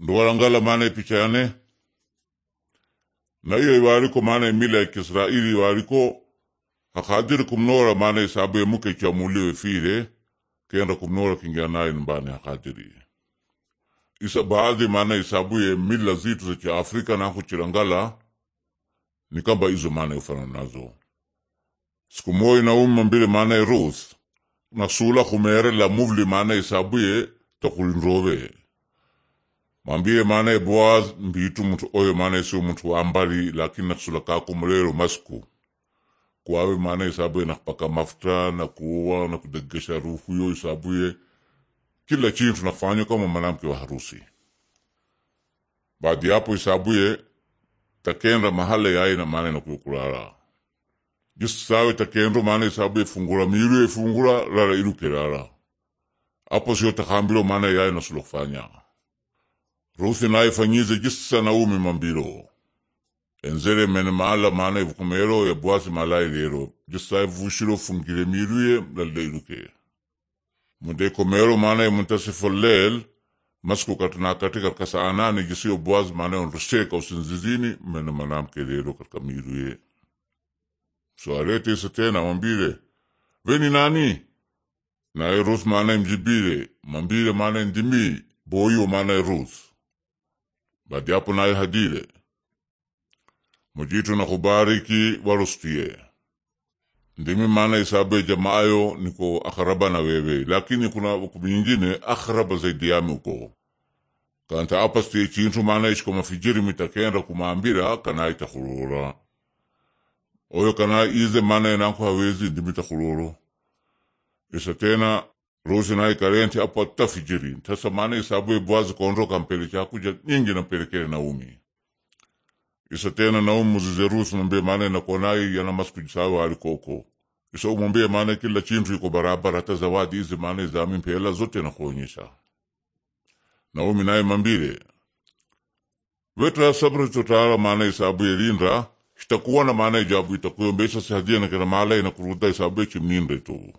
nduwarangala picha yane na iyo iwariko maana imila kisraili iwariko hakadiri kumnora maana isabu emuke chamuliwe fire kenda kumnora kingianayi mbane hakadiri isa baadhi maana isabu ya mila zitu za chaafrika naku chirangala ni kamba izo maana ufana nazo siku moyi na umma mbili maana ruth na sula kumere la muvli maana isabu ye takulinrove wambile maanaye Boaz mbitu mtu oyo maanaye sio muntu wa ambali lakini natusulakaku mulelo masiku kuawe maanaye isabuye nakupaka mafuta na kudegesha rufu yo isabuye kila chini nakufanywa kama mwanamke wa harusi baadi yapo isabuye takenda mahala na mahale na maanaye nakuyokulala sawe takendo maanaye isabuye fungura miilu efungura lala ilukilala apo sio takambilo maanaye yaye nasulakufanya rusi naifanyize jisa naumi mambiro enzere mene maala maana ivukumero yabwasi malai lero jisa ivushiro fungire miruye lalleiruke munde komero maana imuntasifo lel masku katuna katika kasa anani jisi obwazi maana onrusheka usinzizini mene manamke lero katika miruye so arete isa tena mambire veni nani naye rus maana imjibire mambire maana indimi boyo maana rusi Baadi yapo naye hadile mujitu na kubariki warustie ndimi maana isabu ya jamaayo niko akaraba na wewe lakini kuna kumingine akaraba zaidi yami uko kanta stie chintu maana ishiko mafijiri mitakenda kumambira kana itakurura oyo kana ize maana enako hawezi ndimi takururu isa tena rosi naye karenti apo atafijiri tasa maana sababu ebwazi konro kampele chakuja nyingi na nampelekele Naomi isa tena Naomi muzize Rusi mwambie maana nakonai yana masikujisawe ali alikoko isa umwambie maana kila chintu iko barabara hata zawadi izi maana zami mpela zote nakuonyesha Naomi naye mambile ya sabri chotara maana isabu yelinda shitakuwa na maana ijabu itakuyo mbesa sihadia na kera mala inakuruda isabu ekimninde tu